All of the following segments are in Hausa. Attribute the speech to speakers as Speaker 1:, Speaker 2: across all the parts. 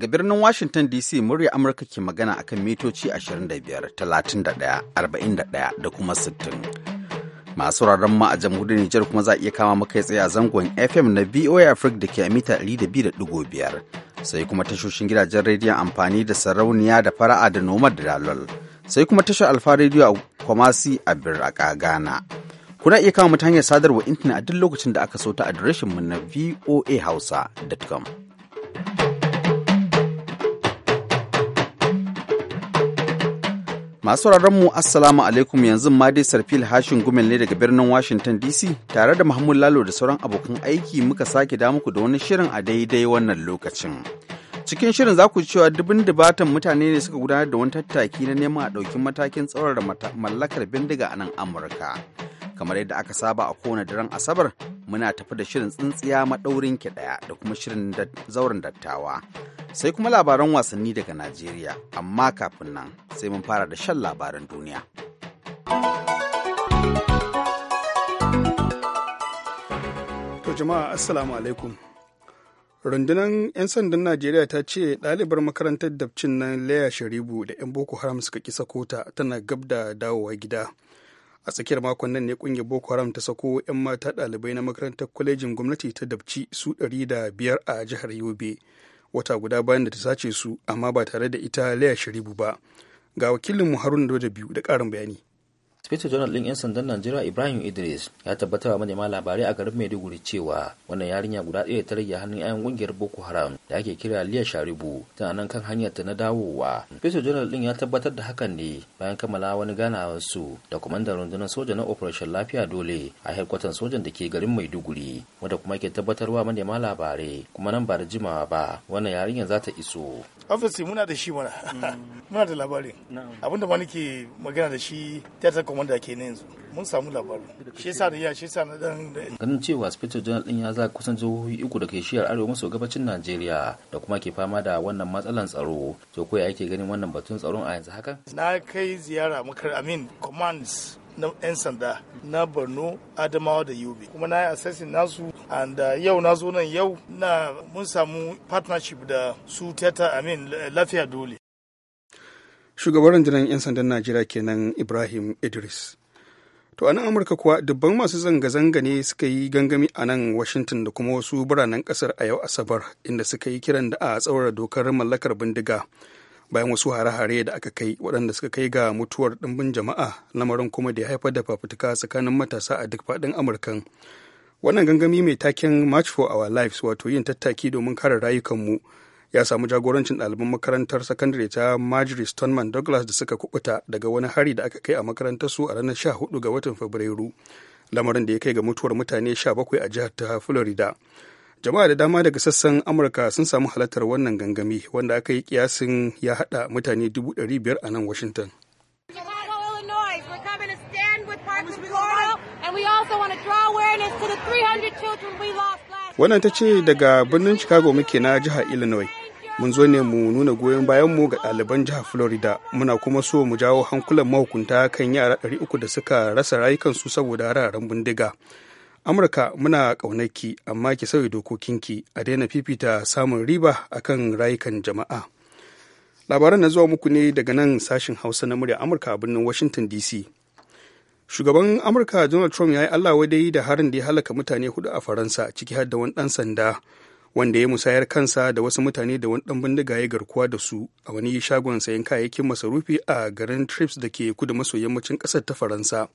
Speaker 1: Daga birnin Washington DC murya Amurka ke magana akan mitoci 25, 31, 41 da kuma 60. Masu rarren ma a jamhuriyar Nijar kuma za a iya kama maka tsaye a zangon FM na VOA Africa da ke a mita 200.5 sai kuma tashoshin gidajen rediyon amfani da sarauniya da fara'a da noma da dalol sai kuma tashar alfa rediyo a kwamasi a biraka Ghana. Kuna iya kama mutane hanyar sadarwa intanet a duk lokacin da aka so ta adireshin mu na voahausa.com. Masu mu Assalamu alaikum yanzu ma dai Sarfil Hashin Gumel ne daga birnin Washington DC tare da Mahmud Lalo da sauran abokan aiki muka sake da muku da wani shirin a daidai wannan lokacin. Cikin shirin za ku cewa dubin dubatan mutane ne suka gudanar da wani tattaki na neman a ɗauki matakin tsaurara mallakar bindiga a nan Amurka. Kamar yadda aka saba a kowane daren Asabar muna tafi da shirin tsintsiya maɗaurin ki ɗaya da kuma shirin zauren dattawa. Sai kuma labaran wasanni daga Najeriya, amma kafin nan sai mun fara da shan labaran duniya. To
Speaker 2: jama'a Assalamu alaikum. rundunar 'yan sandan najeriya ta ce ɗalibar makarantar dabcin nan laya sharibu da 'yan boko haram suka ki sako ta tana gab da dawowa gida a tsakiyar makon nan ne kungiyar boko haram ta sako 'yan mata ɗalibai na makarantar kwalejin gwamnati ta dabci su ɗari da biyar a jihar yobe wata guda bayan da ta sace su amma ba tare da ita laya sharibu ba
Speaker 1: ga wakilinmu haruna da biyu da ƙarin bayani Inspector Journal ɗin 'yan sandan Najeriya Ibrahim Idris ya tabbatar wa manema labarai a garin Maiduguri cewa wannan yarinya guda ɗaya ta rage hannun 'yan ƙungiyar Boko Haram da ake kira Liya Sharibu tana nan kan hanyar ta na dawowa. Inspector Journal ɗin ya tabbatar da hakan ne bayan kammala wani ganawar su da kwamandan rundunar soja na Operation Lafiya Dole a hedkwatan sojan da ke garin Maiduguri wanda kuma ke tabbatar wa manema labarai kuma nan ba da jimawa ba wannan yarinyar za ta iso.
Speaker 3: ofisi muna da shi mana mm. muna da labarin abinda ma nake magana da shi theater commander ke ne yanzu mun samu labarin shi yasa da ya shi yasa na dan
Speaker 1: ganin cewa special journal din ya za kusan jihohi uku da ke shiyar arewa maso gabacin Najeriya da kuma ke fama da wannan matsalan tsaro to ko ya ganin wannan batun tsaron
Speaker 4: a yanzu
Speaker 3: haka na kai ziyara makar amin commands na 'yan sanda na borno adamawa da yobe kuma na yi assessin nasu and uh, yau na zo nan yau na mun samu partnership da su teta amin lafiya dole
Speaker 2: shugaban rundunar 'yan sandan najeriya kenan ibrahim idris to a nan amurka kuwa dubban masu zanga-zanga ne suka yi gangami a nan washington da kuma wasu biranen kasar a yau asabar inda suka yi kiran da a tsawar dokar mallakar bindiga bayan wasu hare-hare da aka kai waɗanda suka kai ga mutuwar ɗimbin jama'a lamarin kuma da ya haifar da fafutuka tsakanin matasa a duk faɗin amurkan wannan gangami mai taken march for our lives wato yin tattaki domin kare rayukanmu ya samu jagorancin ɗaliban makarantar sakandare ta marjorie stoneman douglas da suka kubuta daga wani hari da aka kai a makarantar su a ranar 14 ga watan fabrairu lamarin da ya kai ga mutuwar mutane 17 a jihar ta florida jama'a da dama daga sassan amurka sun samu halartar wannan gangami wanda aka yi kiyasin ya hada mutane 500 a nan washington wannan ta ce daga birnin chicago muke na jihar illinois mun zo ne mu nuna goyon bayan mu ga ɗaliban jihar florida muna kuma so mu jawo hankulan mahukunta kan yara 300 da suka rasa rayukansu saboda hararen bindiga amurka muna ƙaunarki amma ki sauya dokokinki a daina fifita samun riba akan rayukan jama'a labaran na zuwa muku ne daga nan sashen hausa na murya amurka a birnin washington dc shugaban amurka donald trump ya yi allah wadai da harin da ya halaka mutane hudu a faransa ciki har da wani dan sanda wanda ya musayar kansa da wasu mutane da wani dan bindiga ya garkuwa da su a wani shagon sayan kayayyakin masarufi a garin trips da ke kudu maso yammacin kasar ta faransa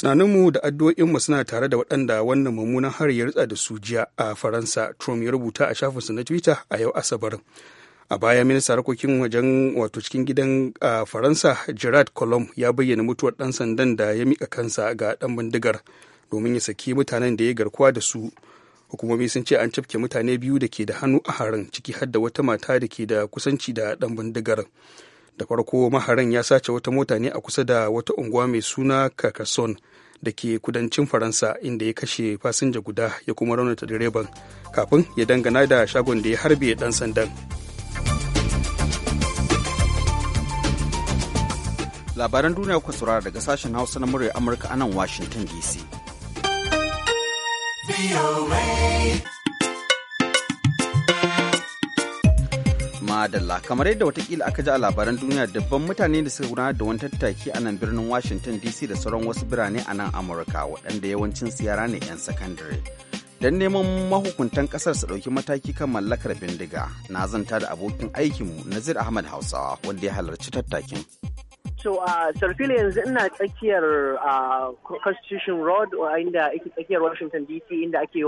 Speaker 2: tunaninmu da addu'o'inmu suna tare da waɗanda wannan mummunan har ya ritsa da su jiya a faransa trump ya rubuta a shafinsa na twitter a yau asabar a baya minista harkokin wajen wato cikin gidan a faransa gerard colom ya bayyana mutuwar ɗan sandan da ya mika kansa ga ɗan bindigar domin ya saki mutanen da ya garkuwa da su hukumomi sun ce an cafke mutane biyu da ke da hannu a harin ciki har da wata mata da ke da kusanci da ɗan bindigar da farko maharan ya sace wata mota ne a kusa da wata unguwa mai suna kakason. da ke kudancin faransa inda ya kashe fasinja guda ya kuma raunata direban kafin ya dangana
Speaker 1: da shagon da ya harbe dan sandan labaran duniya kuka saurara daga sashen hausa na murya amurka anan washington dc madalla kamar yadda watakila aka ji a labaran duniya dabban mutane da suka gudanar da wani tattaki a nan birnin washington dc da sauran wasu birane a nan amurka waɗanda yawancin siyara ne 'yan sakandare don neman mahukuntan ƙasar su ɗauki mataki kan mallakar bindiga na zanta da abokin aikinmu nazir ahmad hausawa wanda ya halarci
Speaker 5: tattakin
Speaker 6: To a uh, Sarfila yanzu ina tsakiyar uh, Constitution Road inda ake tsakiyar Washington DC inda ake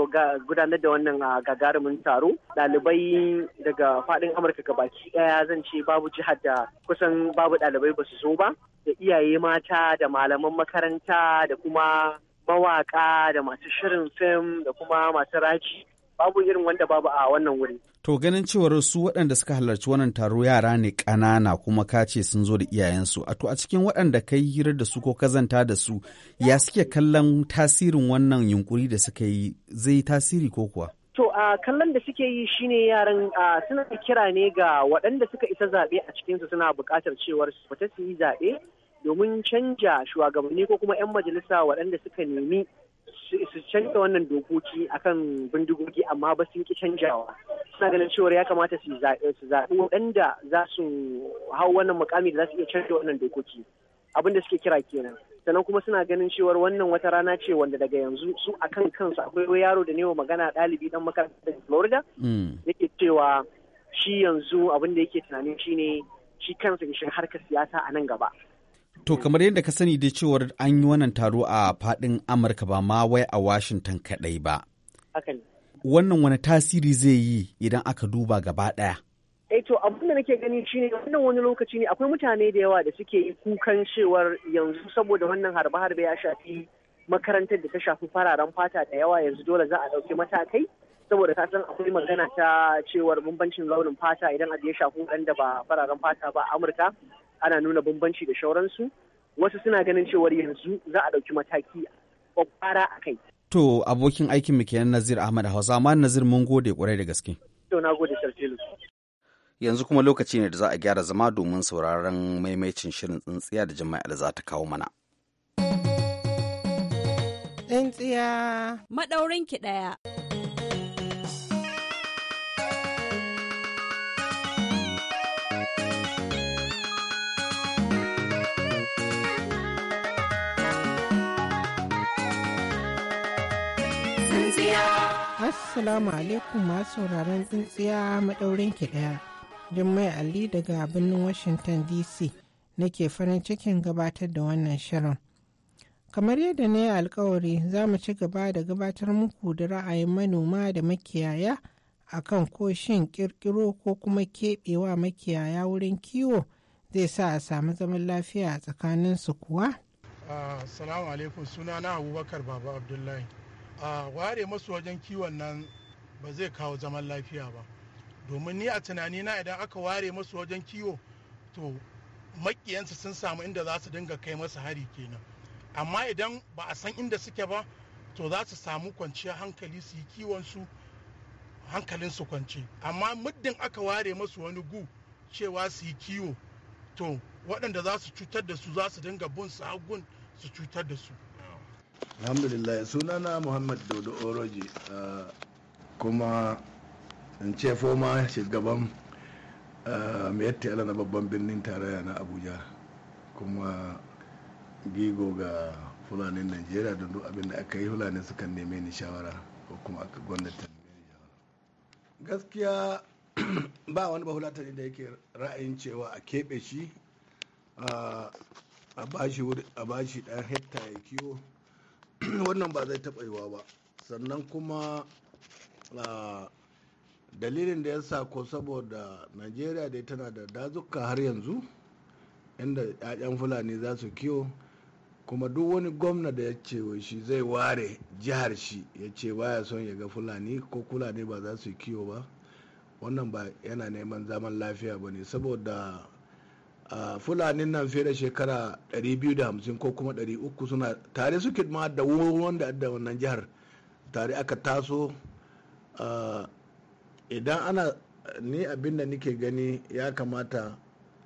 Speaker 6: gudanar da wannan uh, gagarumin taro. Ɗalibai daga faɗin Amurka gabaki ɗaya zan ce babu jihar da kusan babu ɗalibai ba su zo ba. Da iyaye mata da malaman makaranta da kuma mawaƙa da masu shirin fim da kuma masu raji babu irin wanda babu a wannan wuri.
Speaker 1: To ganin cewar su waɗanda suka halarci wannan taro yara ne ƙanana kuma ka ce sun zo da iyayensu. A to a cikin waɗanda ka yi hira da su ko kazanta da su ya suke kallon tasirin wannan yunkuri da suka yi zai tasiri ko kuwa?
Speaker 6: To a kallon da suke yi shine yaran suna kira ne ga waɗanda suka isa zaɓe a cikinsu suna buƙatar cewar su fita su yi zaɓe domin canja shugabanni ko kuma 'yan majalisa waɗanda suka nemi su canza wannan dokoki akan bindigogi amma ba sun ki canjawa suna ganin cewa ya kamata su zaɓi waɗanda za su hau wannan mukami da za su iya canza wannan dokoki abinda suke kira kenan sannan kuma suna ganin cewa wannan wata rana ce wanda daga yanzu su akan kansu akwai yaro da newa magana ɗalibi dan makarantar Florida hmm. yake cewa shi yanzu abin da yake shi ne shi kansa shi harkar siyasa a nan gaba
Speaker 1: To kamar yadda ka sani da cewar an yi wannan taro a fadin Amurka ba ma wai a Washington kaɗai ba. Wannan wani tasiri zai yi
Speaker 6: idan aka duba gaba ɗaya. Eh to abin da nake gani shine wannan wani lokaci ne akwai mutane da yawa da suke yi kukan cewar yanzu saboda wannan harbe-harbe ya shafi makarantar da ta shafi fararen fata da yawa yanzu dole za a ɗauki matakai saboda ka san akwai magana ta cewar bambancin launin fata idan abu ya shafi wanda ba fararen fata ba a Amurka ana nuna bambanci da shauransu wasu suna ganin cewar yanzu za a ɗauki mataki kwakwara a kai.
Speaker 1: To abokin aikin mu kenan Nazir Ahmad Hausa amma Nazir mun gode kwarai da gaske. To na gode Yanzu kuma lokaci ne da za a gyara zama domin sauraron maimaicin shirin tsintsiya da da za ta kawo mana. Tsintsiya. Maɗaurinki ɗaya. Assalamu alaikum masu sauraron tsintsiya maɗaurin ki ɗaya. Jummai Ali daga birnin Washington DC nake farin cikin gabatar da wannan shirin. Kamar yadda na yi alkawari za mu ci gaba da gabatar muku da ra'ayin manoma da makiyaya a kan ko shin kirkiro ko kuma keɓewa makiyaya wurin kiwo zai sa a samu zaman lafiya a tsakaninsu kuwa?
Speaker 3: Assalamu alaikum sunana Abubakar Baba Abdullahi. a ware masu wajen kiwon nan ba zai kawo zaman lafiya ba domin ni a tunani na idan aka ware masu wajen kiwo to makiyansa sun samu inda za su dinga kai masa hari kenan amma idan ba a san inda suke ba to za su samu kwanciyar hankali su yi kiwonsu hankalinsu kwanci amma muddin aka ware masu wani gu cewa su yi kiwo to waɗanda za su cutar da su za su dinga bin su hagun su cutar da su alhamdulillah sunana muhammad dodo oroji uh, kuma in ce foma shugaban uh, mai yala na babban birnin tarayya na abuja kuma gigo ga fulanin najeriya don duk abin da aka yi fulani suka neme ni shawara ko kuma aka gwamnati gaskiya ba wani bahulatari da yake ra'ayin cewa a keɓe shi uh, a bashi ɗan hekta ya kiwo wannan ba zai taɓa yiwa ba sannan kuma dalilin da ya sa ko saboda najeriya dai tana da dazuka har yanzu inda 'ya'yan fulani za su kiwo kuma duk wani gwamna da ya ce shi zai ware jihar shi ya ce baya son ya ga fulani ko fulani ba za su kiwo ba wannan ba yana neman zaman lafiya ba ne saboda Fulanin nan fiye da shekara 250 ko kuma 300 suna tare suke ma da wanda da da wannan jihar tare aka taso idan ana ni abin da nike gani ya kamata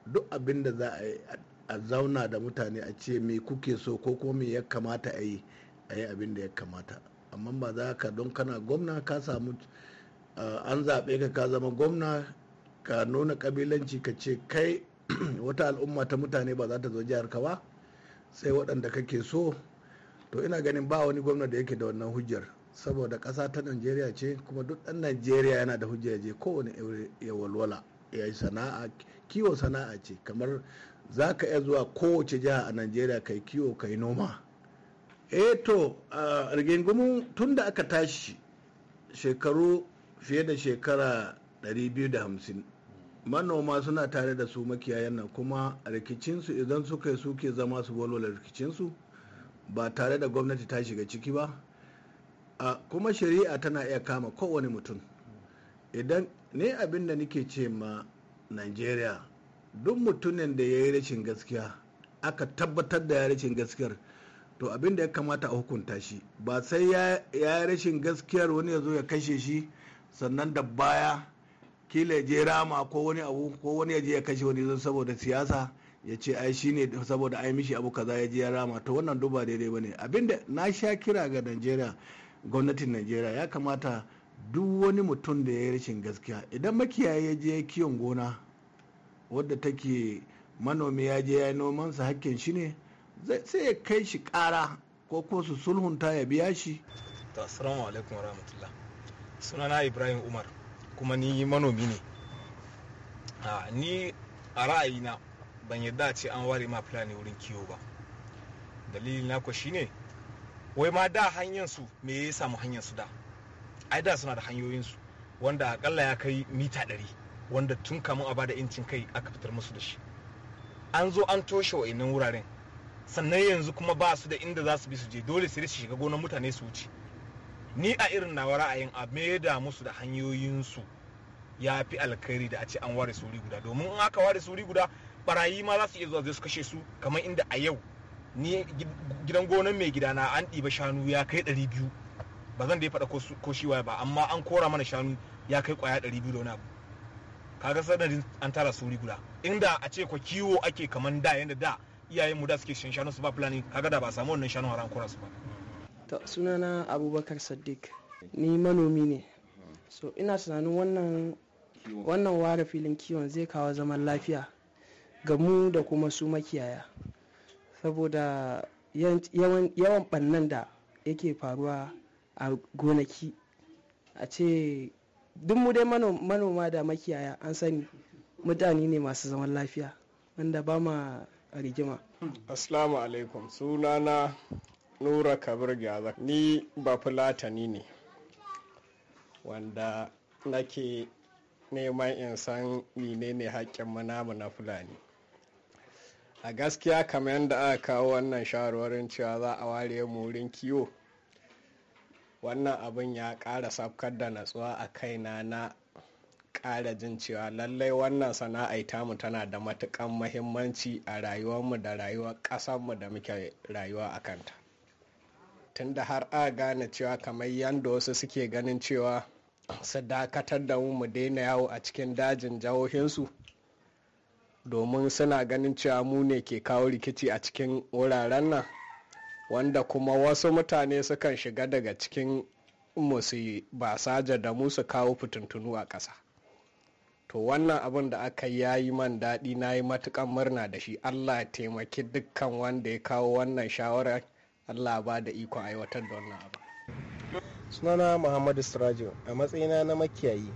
Speaker 3: duk abin da za a a zauna da mutane a ce me kuke so ko kuma me ya kamata a yi a yi abin da ya kamata amma ba za ka don kana gwamna ka samu an zaɓe ka ka zama gwamna ka nuna ƙabilanci ka ce kai wata al'umma ta mutane ba za ta zo jihar ka ba sai waɗanda kake so to ina ganin ba wani gwamna da yake da wannan hujjar saboda ƙasa ta najeriya ce kuma duk ɗan najeriya yana da hujjar je kowane ya walwala ya yi sana'a kiwo sana'a ce kamar za ka iya zuwa kowace jiha a najeriya kai kiwo kai noma eh to a rigingimu tun da aka tashi shekaru fiye da shekara 250 manoma suna tare da su makiyayan nan kuma rikicinsu idan suka yi suke zama su walwala rikicinsu ba tare da gwamnati ta shiga ciki ba a kuma shari'a tana iya kama kowane mutum idan ne abin da nike ce ma nigeria duk mutumin da ya yi rashin gaskiya aka tabbatar da ya rashin gaskiyar to abin da ya kamata a hukunta shi ba sai ya yi rashin gaskiyar wani ya zo ya kashe shi sannan da baya kila ya je rama ko wani abu ko wani ya je ya kashe wani don saboda siyasa ya ce ai shi ne saboda ai mishi abu kaza ya je ya rama to wannan duba daidai bane abinda na sha kira ga Najeriya gwamnatin Najeriya ya kamata duk wani mutum da ya yi rashin gaskiya idan makiyayi ya je kiyon gona wadda take manomi ya je ya yi nomansa hakkin shi ne sai ya kai shi kara ko ko su sulhunta ya biya shi to assalamu alaikum warahmatullah sunana ibrahim umar kuma
Speaker 7: ni manomi ne ni a ra'ayina ban yadda a ce an ware ma fulani wurin kiwo ba dalili na ko shine wai ma da hanyar me ya samu hanyar su da ai da suna da hanyoyinsu wanda akalla ya kai mita ɗari wanda tun kamun a bada incin kai aka fitar musu da shi an zo an toshe wa inan wuraren sannan yanzu kuma ba su da inda za su bi su je dole sai su shiga gonar mutane su wuce ni a irin nawa ra'ayin a da musu da hanyoyinsu ya fi alkhairi da a ce an ware suri guda domin in aka ware suri guda barayi ma za su iya zuwa su kashe su kamar inda a yau ni gidan gonan mai gidana an ɗiba shanu ya kai ɗari biyu ba zan da ya faɗa ko ba amma an kora mana shanu ya kai ƙwaya ɗari biyu da wani abu kaga sanadin an tara suri guda inda a ce kwa kiwo ake kamar da yadda da iyayenmu da suke shan shanu su ba fulani kaga da ba samu wannan shanu haram kora su ba
Speaker 8: ta sunana Abubakar Sadiq. Ni manomi ne. So ina tunanin wannan wannan ware filin kiwon zai kawo zaman lafiya ga mu da kuma su makiyaya. Saboda yawan bannan da yake faruwa a gonaki a ce duk mu dai manoma da makiyaya an sani mutane ne masu zaman lafiya wanda ba ma rigima. Assalamu alaikum sunana nura kabir gaza ni ba fulatani ne wanda nake neman in san menene haƙƙin manamu na fulani a gaskiya kamar yadda aka kawo wannan shawarwarin cewa za a ware mu wurin kiwo wannan abin ya ƙara safkar da natsuwa a kaina na ƙara jin cewa lallai wannan sana'aita mu tana da matukan mahimmanci a rayuwarmu da rayuwar ƙasarmu da muke rayuwa a kanta tunda har a gane cewa kamar yadda wasu suke ganin cewa su dakatar da mu mu daina yawo a cikin dajin jihohinsu domin suna ganin cewa mu ne ke kawo rikici a cikin wuraren nan wanda kuma wasu mutane sukan shiga daga cikin musu ba saja da mu su kawo fitintunu a ƙasa to wannan abin da aka ya yi man daɗi na yi matuƙan murna da shi allah ya taimaki dukkan wanda ya kawo wannan shawarar allah ba da ikon aiwatar da wannan abu sunana muhammadu sirajo a matsayina na makiyayi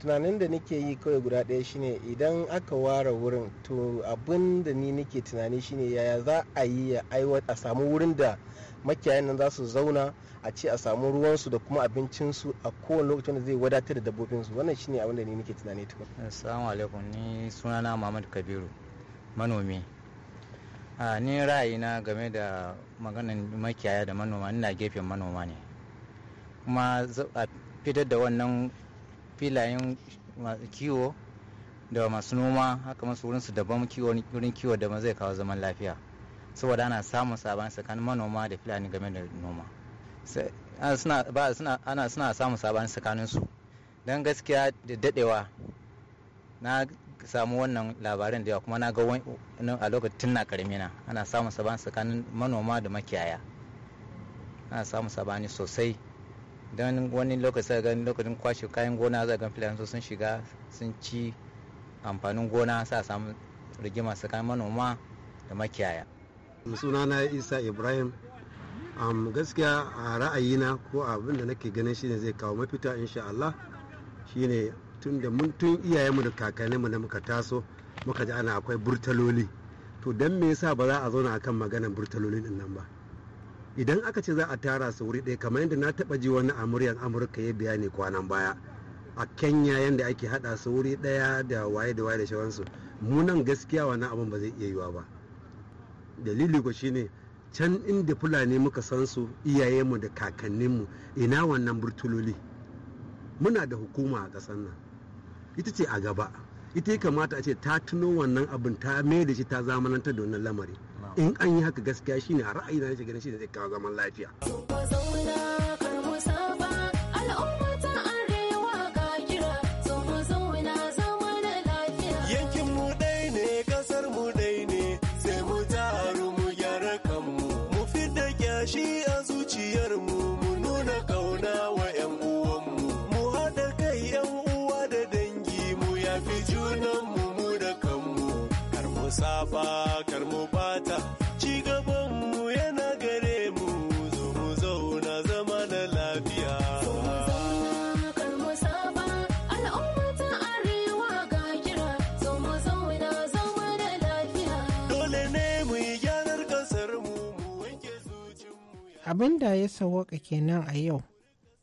Speaker 8: tunanin da nake yi kawai guda ɗaya shine idan aka ware wurin to abin da ni nake tunani shine yaya za a yi a samu wurin da makiyayin nan za su zauna a ce a samu ruwansu da kuma abincinsu a kowane lokacin da zai wadatar da dabbobinsu wannan shine abin da ni nake tunani tukun
Speaker 5: assalamu alaikum ni sunana Muhammadu kabiru manomi a ni ra'ayina game da maganin makiyaya da manoma ina gefen manoma ne kuma a fitar da wannan filayen kiwo da masu noma haka masu wurin su daban wurin kiwo da zai kawo zaman lafiya saboda ana samun sabon tsakanin manoma da filani game da noma ana suna samun sabon tsakanin su don gaskiya da dadewa na samu wannan labarin da yawa kuma na ga a lokacin na karami na ana samun sabani tsakanin manoma da makiyaya ana samun sabani sosai don wani lokaci ga lokacin kwashe kayan gona za ga filayen sun shiga sun ci amfanin gona sa samu rigima tsakanin manoma da makiyaya sunana isa ibrahim um, gaskiya
Speaker 1: a ra'ayina ko abin da nake ganin shi shine zai kawo mafita insha Allah shine tun da mun tun iyayenmu da kakanninmu da muka taso muka ji ana akwai burtaloli to don me yasa ba za a zauna akan maganar burtaloli din nan ba idan aka ce za a tara su wuri ɗaya kamar yadda na taɓa ji wani amuryan amurka ya bayani kwanan baya a kenya yadda ake haɗa su wuri ɗaya da waye da waye da shawansu mu nan gaskiya wannan abin ba zai iya yiwa ba dalili ko shine can inda fulani muka san su iyayenmu da kakanninmu ina wannan burtaloli? muna da hukuma a ƙasar nan ita ce a gaba ita ya kamata a ce ta tuno wannan abin ta mai da shi ta zamanantar da wannan lamari in an yi haka gaskiya shine a
Speaker 8: ra'ayi na shi ganin shi ne zai kawo zaman lafiya
Speaker 4: Ba kar mu bata ci mu yana gare mu zo mu zauna zama na lafiya
Speaker 1: Abin da ya sawaka kenan a yau,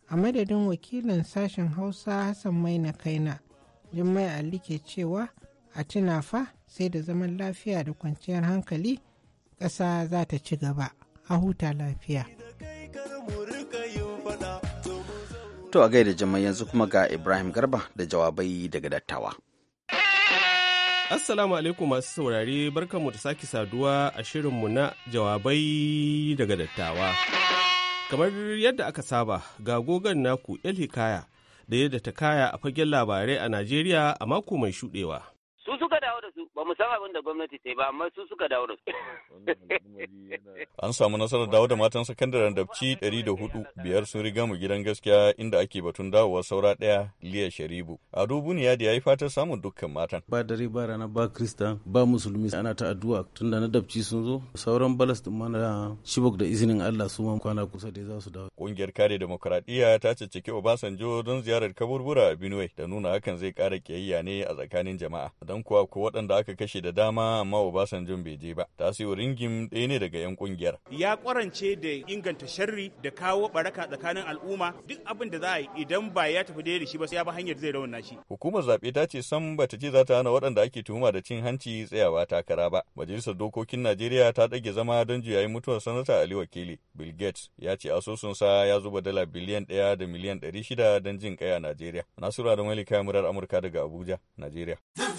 Speaker 1: a madadin wakilin sashen Hausa Hassan Maina Kaina, Jummai Ali ke cewa a tuna fa sai da zaman lafiya da kwanciyar hankali ƙasa za ta ci gaba a huta lafiya. To a gaida jama'a yanzu kuma ga Ibrahim Garba da jawabai daga dattawa.
Speaker 4: Assalamu alaikum masu saurare barkanmu da sake saduwa a shirinmu na jawabai daga dattawa. Kamar yadda aka saba ga gogon naku El Hikaya da yadda ta kaya a fagen labarai a Najeriya a mako mai shuɗewa.
Speaker 5: su suka dawo da su ba mu san abin da gwamnati ta yi ba amma su suka dawo da su
Speaker 4: an samu nasarar dawo da matan sakandaren dabci
Speaker 2: da hudu biyar sun riga mu gidan gaskiya inda ake batun dawowa saura daya liya sharibu
Speaker 3: a dubuni ya yi fatar samun dukkan matan ba dare ba rana ba kirista ba musulmi ana ta addu'a tunda na dabci sun zo sauran balas din mana shibok da izinin Allah su ma kwana kusa da za
Speaker 6: su dawo
Speaker 2: kungiyar kare demokradiyya ta cece Obasanjo don ziyarar kaburbura a Benue da nuna hakan zai kara kiyayya ne a tsakanin jama'a yan kuwa ko waɗanda aka kashe da dama amma Obasanjon bai je ba. Tasirin gim ɗaya ne daga 'yan kungiyar.
Speaker 7: Ya kwarance da inganta sharri da kawo baraka tsakanin al'umma duk abin da za a yi idan ba ya tafi daidai da shi ba sai ya bi hanyar zai rauna shi.
Speaker 2: Hukumar zaɓe ta ce san bata ce za ta hana waɗanda ake tuhuma da cin hanci tsayawa takara ba. Majalisar Dokokin Najeriya ta dage zama don juyayin mutuwar sanata Ali Wakili. Bill Gates ya ce asusunsa ya zuba dala biliyan ɗaya da miliyan ɗari shida don jin kai a Najeriya. Nasiru Adamu Malika Murar
Speaker 4: Amurka daga Abuja, Najeriya. The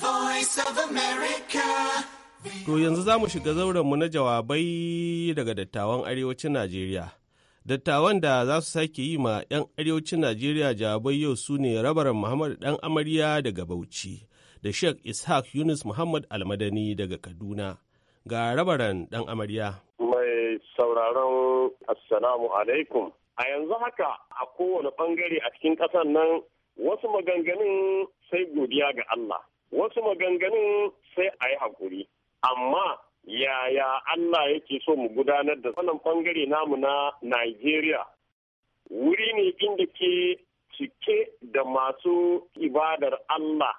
Speaker 4: To yanzu za mu shiga zaurenmu na jawabai daga dattawan arewacin Najeriya. Dattawan da za su sake yi ma 'yan arewacin Najeriya jawabai yau su ne rabaran Muhammad ɗan amarya daga Bauchi da Sheikh Ishaq Yunus Muhammad Almadani daga Kaduna. Ga rabaran ɗan amarya.
Speaker 9: Mai sauraron Assalamu alaikum. A yanzu haka a kowane ɓangare a cikin ƙasar nan wasu maganganun sai godiya ga Allah. wasu maganganun sai a yi hakuri amma yaya Allah yake so mu gudanar da wannan bangare namu na Najeriya wuri ne inda ke cike da masu ibadar Allah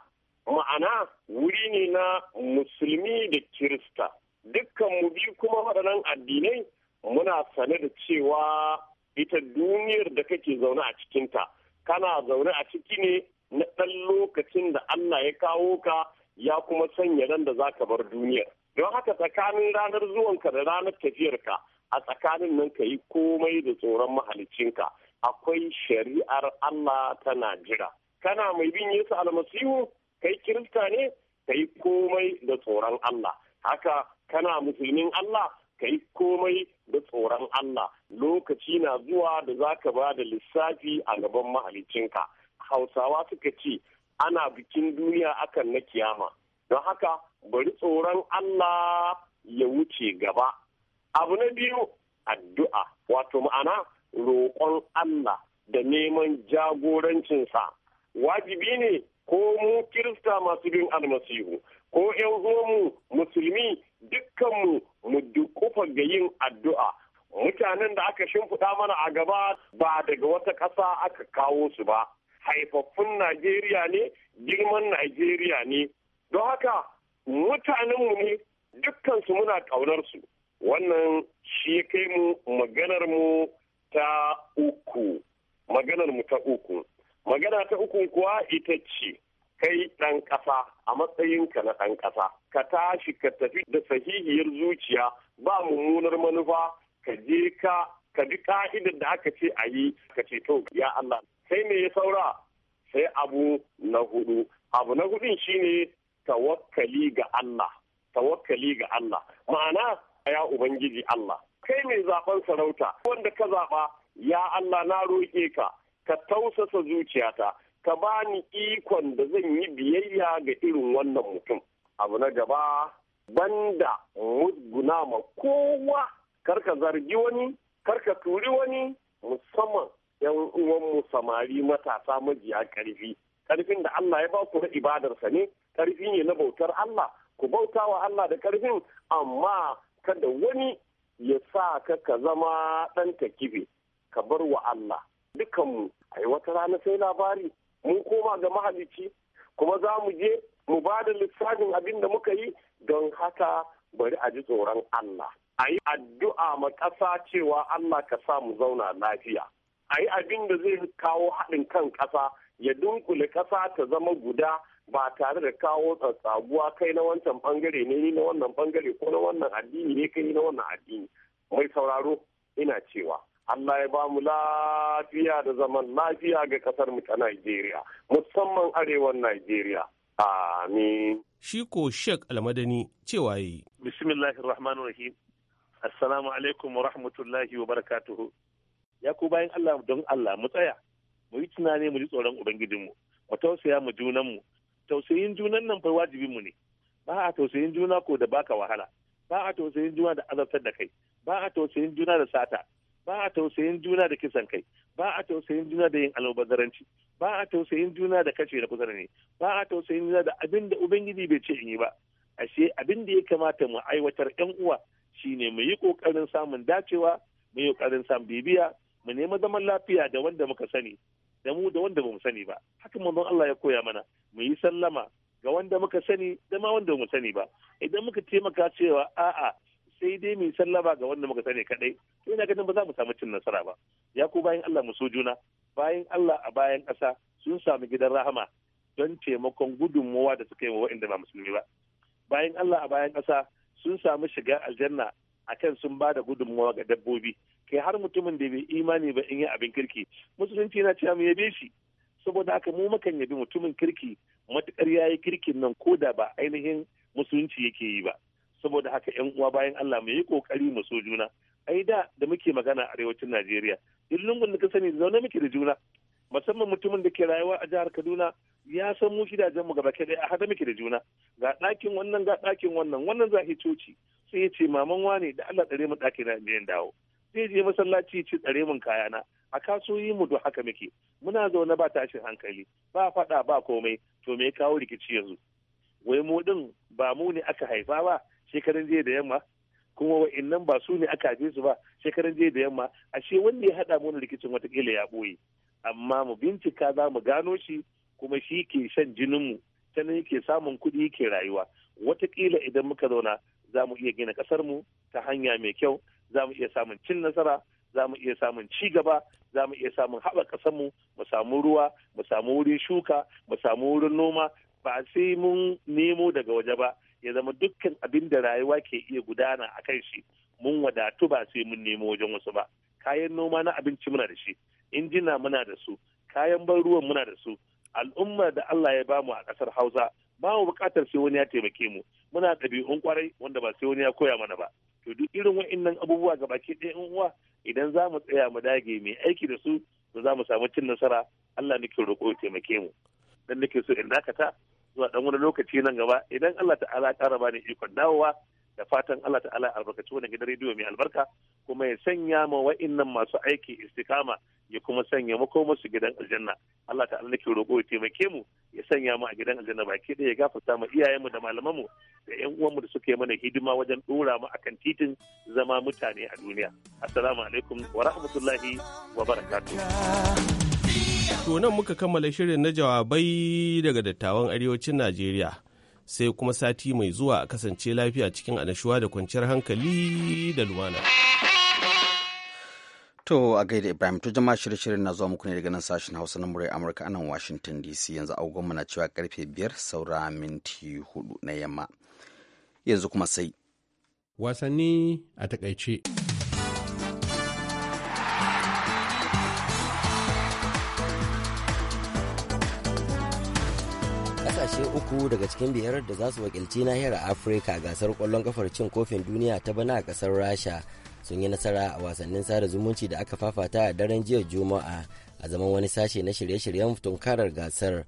Speaker 9: ma'ana wuri ne na musulmi da kirista dukkan mu biyu kuma waɗannan addinai muna sane da cewa ita duniyar da kake zaune a cikinta kana zaune a ciki ne na ɗan lokacin da Allah ya kawo ka ya kuma sanya ran da za ka bar duniyar. Don haka tsakanin ranar zuwanka da ranar tafiyarka a tsakanin nan ka yi komai da tsoron mahalicinka akwai shari'ar Allah tana jira. Kana mai bin Yesu almasihu kai kirista ne ka yi komai da tsoron Allah. Haka kana musulmin Allah ka yi komai da tsoron Allah lokaci na zuwa da za ka ba da lissafi a gaban mahalicinka. hausawa suka ce ana bikin duniya akan na kiyama don haka bari tsoron Allah ya wuce gaba abu na biyu addu'a wato ma'ana roƙon Allah da neman jagorancinsa wajibi ne ko mu kirista masu bin almasihu ko yan mu musulmi dukkanmu mu dukkufa ga yin addu'a mutanen da aka shimfiɗa mana a gaba ba daga wata ƙasa aka kawo su ba haifaffun Najeriya ne girman Najeriya ne don haka mutanenmu ne dukkansu muna ƙaunarsu wannan shi ya kai mu maganar ta uku maganar ta uku magana ta uku kuwa ita ce kai ɗan ƙasa a matsayinka na ɗan ƙasa ka tashi ka tafi da sahihiyar zuciya ba mummunar manufa ka je ka ka bi ka'idar da aka ce a yi ka ce to ya Allah sai me ya saura sai abu na hudu abu na hudun shine tawakkali ga Allah tawakkali ga Allah ma'ana ya ubangiji Allah kai mai zaben sarauta wanda ka zaba ya Allah na roƙe ka ka tausasa zuciyata ka bani ikon da zan yi biyayya ga irin wannan mutum abu na gaba banda musguna ma kowa karka zargi wani karka turi wani musamman yan uwanmu samari matasa majiya ƙarfi. karfin da Allah ya ba ku na ibadarsa ne karfi ne na bautar Allah ku bauta wa Allah da karfin amma kada wani ya sa ka ka zama ɗan takibe ka bar wa Allah dukanmu ai wata rana sai labari mun koma ga mahalicci kuma za mu je mu ba da lissafin abin da muka yi don haka bari a ji tsoron Allah a yi addu'a ma ƙasa cewa Allah ka sa mu zauna lafiya a yi abin da zai kawo haɗin kan ƙasa ya dunkule ƙasa ta zama guda ba tare da kawo tsatsaguwa kai na wancan bangare ne na wannan bangare ko na wannan addini ne kai na wannan addini mai sauraro ina cewa Allah ya ba mu lafiya da zaman lafiya ga kasar mu ta Najeriya musamman arewan
Speaker 10: Najeriya amin
Speaker 4: shi ko Sheikh Almadani cewa yi
Speaker 10: bismillahir rahmanir rahim assalamu alaikum wa rahmatullahi wa barakatuhu ya ku bayan Allah don Allah mu tsaya mu yi tunani mu ji tsoron ubangijinmu mu tausaya mu junan mu tausayin junan nan fa mu ne ba a tausayin juna ko da baka wahala ba a tausayin juna da azabtar da kai ba a tausayin juna da sata ba a tausayin juna da kisan kai ba a tausayin juna da yin almubazzaranci ba a tausayin juna da kashe da kusa ne ba a tausayin juna da abin da ubangiji bai ce in yi ba ashe abin da ya kamata mu aiwatar yan uwa shine mu yi kokarin samun dacewa mu yi kokarin samun bibiya mu nemi zaman lafiya da wanda muka sani da mu da wanda bamu sani ba haka manzon Allah ya koya mana mu yi sallama ga wanda muka sani da ma wanda bamu sani ba idan muka taimaka cewa a'a sai dai mu yi sallama ga wanda muka sani kadai sai na ganin ba za mu samu cin nasara ba ya ku bayan Allah mu so juna bayan Allah a bayan ƙasa sun samu gidan rahama don taimakon gudunmuwa da suka yi wa waɗanda ba musulmi ba bayan Allah a bayan ƙasa sun samu shiga aljanna akan sun ba da gudunmuwa ga dabbobi kai har mutumin da bai imani ba in yi abin kirki musulunci yana cewa mu yabe shi saboda haka mu mukan yabi mutumin kirki matukar yayi kirkin nan ko da ba ainihin musulunci yake yi ba saboda haka yan uwa bayan Allah mu yi kokari mu so juna ai da da muke magana a arewacin Najeriya duk lungun da ka sani zaune muke da juna musamman mutumin da ke rayuwa a jihar Kaduna ya san mu gidajen mu gaba kai a hada muke da juna ga ɗakin wannan ga ɗakin wannan wannan za coci sai ya ce maman wane da Allah dare mu ɗakin na dawo zai je masallaci ci tsare mun kayana a kasuwoyi mu duk haka muke muna zaune ba tashin hankali ba faɗa ba komai to me kawo rikici yanzu wai mu din ba mu ne aka haifa ba shekaran jiya da yamma kuma wa'annan ba su ne aka haife su ba shekaran jiya da yamma ashe wanda ya haɗa mana rikicin watakila ya ɓoye amma mu bincika za mu gano shi kuma shi ke shan jininmu sannan yake samun kuɗi yake rayuwa watakila idan muka zauna za mu iya gina mu ta hanya mai kyau za mu iya samun cin nasara za mu iya samun ci gaba za mu iya samun haɓaka samu mu samu ruwa mu samu wurin shuka mu samu wurin noma ba sai mun nemo daga waje ba ya zama dukkan abin da rayuwa ke iya gudana a kan shi mun wadatu ba sai mun nemo wajen wasu ba kayan noma na abinci muna da shi injina muna da su kayan ban ruwan muna da su al'ummar da Allah ya bamu a ƙasar Hausa ba mu buƙatar sai wani ya taimake mu muna ɗabi'un kwarai wanda ba sai wani ya koya mana ba to duk irin wa'annan abubuwa ga baki ɗaya in uwa idan za mu tsaya mu dage mai aiki da su to za mu samu cin nasara Allah nake roƙo ya taimake mu dan nake so in dakata zuwa dan wani lokaci nan gaba idan Allah ta'ala ya ƙara bani ikon dawowa da fatan Allah ta'ala albarkaci wannan gidan rediyo mai albarka kuma ya sanya ma wa'annan masu aiki istikama ya kuma sanya mako musu gidan aljanna Allah ta'ala nake roƙo ya taimake mu ya sanya mu a gidan aljanna baki ɗaya ya gafarta mu iyayenmu da mu da ƴan uwanmu da suka yi mana hidima wajen dora mu akan titin zama mutane a duniya assalamu alaikum wa rahmatullahi wa barakatuh
Speaker 4: to nan muka kammala shirin na jawabai daga dattawan arewacin Najeriya sai kuma sati mai zuwa a kasance lafiya cikin anashuwa da kwanciyar hankali da lumana.
Speaker 1: To a gaida Ibrahim to jama'a shirye-shiryen na zuwa muku ne daga nan sashen Hausa na murai Amurka anan Washington DC yanzu agogon na cewa karfe biyar saura minti hudu na yamma. Yanzu kuma sai.
Speaker 8: Wasanni a takaice.
Speaker 5: kasashe uku daga cikin biyar da za su wakilci nahiyar afirka gasar kwallon kafar cin kofin duniya ta bana a kasar rasha sun yi nasara a wasannin sada zumunci da aka fafata a daren jiya juma'a a zaman wani sashe na shirye-shiryen tunkarar gasar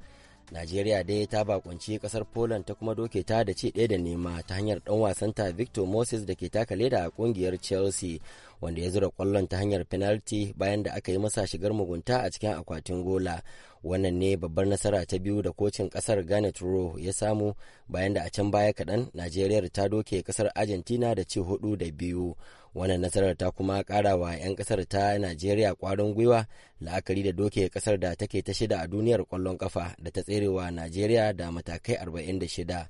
Speaker 5: Najeriya dai ta bakunci kasar Poland ta kuma doke ta da ce ɗaya da nema ta hanyar ɗan wasan ta Victor Moses da ke taka leda a ƙungiyar Chelsea wanda ya zura ƙwallon ta hanyar penalty bayan da aka yi masa shigar mugunta a cikin akwatin gola. Wannan ne babbar nasara ta biyu da kocin ƙasar Garnet Rowe ya samu bayan da a can baya kaɗan Najeriya ta doke ƙasar Argentina da ci hudu da biyu. wannan nasarar ta kuma kara wa 'yan kasar ta najeriya kwarin gwiwa la'akari da doke kasar da take ta shida a duniyar kwallon kafa da ta wa najeriya da matakai 46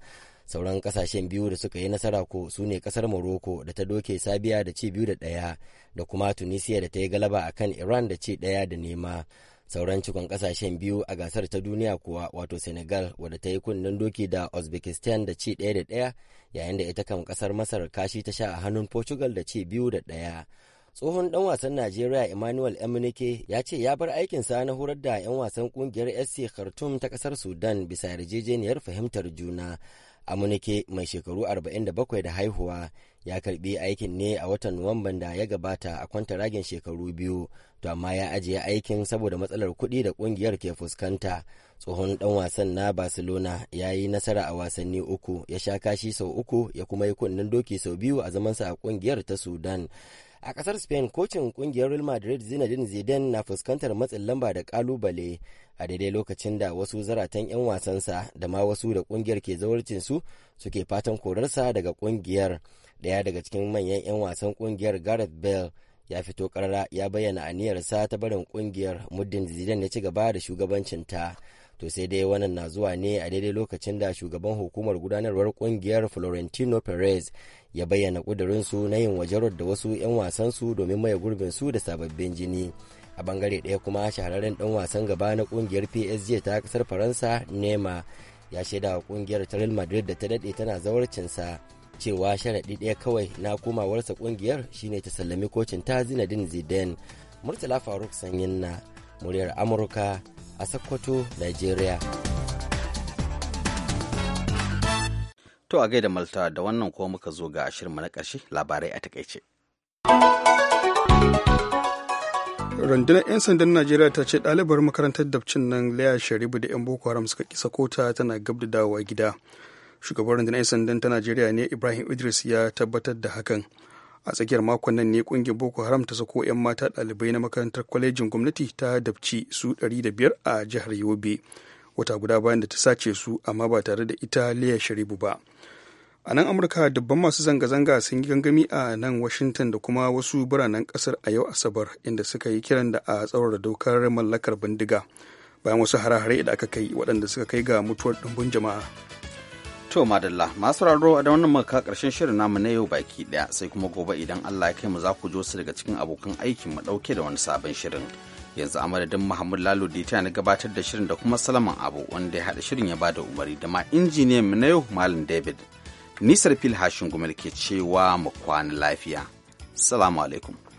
Speaker 5: sauran kasashen biyu da suka yi nasara ko su ne kasar morocco da ta doke sabiya da ci biyu da ɗaya da kuma tunisia da ta yi galaba a kan iran da ci daya da nema sauran cikon kasashen biyu a gasar ta duniya kuwa wato senegal wadda ta yi kunnen doki da uzbekistan da ci daya da ɗaya yayin da ita kan kasar masar kashi ta sha a hannun portugal da ce biyu da ɗaya tsohon dan wasan najeriya emmanuel emunike ya ce ya bar aikin sa na horar da 'yan wasan kungiyar sc khartoum ta kasar sudan bisa yarjejeniyar fahimtar juna amunike mai shekaru 47 da haihuwa ya karbi aikin ne a watan nuwamban da ya gabata a kwanta ragin shekaru biyu to amma ya ajiye aikin saboda matsalar kuɗi da kungiyar ke fuskanta tsohon dan wasan na barcelona ya yi nasara a wasanni uku ya sha kashi sau uku ya kuma yi kunnen doki sau biyu a zamansa a kungiyar ta sudan a kasar spain kocin kungiyar real madrid zinedine zidane na fuskantar matsin lamba da kalubale a daidai lokacin da wasu zaratan 'yan wasansa da ma wasu da kungiyar ke zawarcin su suke fatan korarsa daga kungiyar daya daga cikin manyan 'yan wasan kungiyar gareth bale ya fito karara ya bayyana aniyarsa ta barin kungiyar muddin zidane ya ci gaba da shugabancinta to sai dai wannan na zuwa ne a daidai lokacin da shugaban hukumar gudanarwar kungiyar florentino perez ya bayyana kudurinsu na yin wajarar da wasu 'yan wasansu domin maye gurbin su da sababbin jini a bangare ɗaya kuma shahararren ɗan wasan gaba na kungiyar psg ta kasar faransa nema ya shaida wa kungiyar ta real madrid da ta daɗe tana zawarcinsa cewa sharaɗi ɗaya kawai na komawarsa kungiyar shine ta sallami kocin ta zinedine zidane murtala faruk sanyin na muryar amurka a Sokoto, nigeria. To a gaida Malta da wannan kuma muka zo ga ashirin na
Speaker 1: ƙarshe labarai a takaice.
Speaker 2: Rundunar 'yan sandan Najeriya ta ce ɗalibar makarantar dabcin nan Laya Sharibu da 'yan Boko Haram suka kisa kota tana gab da dawowa gida. Shugaban rundunar 'yan sandan ta Najeriya ne Ibrahim Idris ya tabbatar da hakan. a tsakiyar makon nan ne kungiyar boko haram ta sako 'yan mata ɗalibai na makarantar kwalejin gwamnati ta dabci su 500 a jihar yobe wata guda bayan da ta sace su amma ba tare da ita liya sharibu ba a nan amurka dubban masu zanga-zanga sun yi gangami a nan washington da kuma wasu biranen kasar a yau asabar inda suka yi kiran da a tsaurara dokar mallakar bindiga bayan wasu hare-hare da aka kai waɗanda suka kai ga mutuwar
Speaker 1: ɗumbin jama'a To madalla masu raro da wannan maka karshen shirin namu na yau baki daya sai kuma gobe idan Allah ya kai mu za ku jo su daga cikin abokan aikin mu dauke da wani sabon shirin. Yanzu a madadin Muhammad Lalo da na gabatar da shirin da kuma Salaman Abu wanda ya haɗa shirin ya bada umari da ma injiniyan mu na yau Malam David. Nisar fil hashin gumel ke cewa mu kwana lafiya. Salamu alaikum.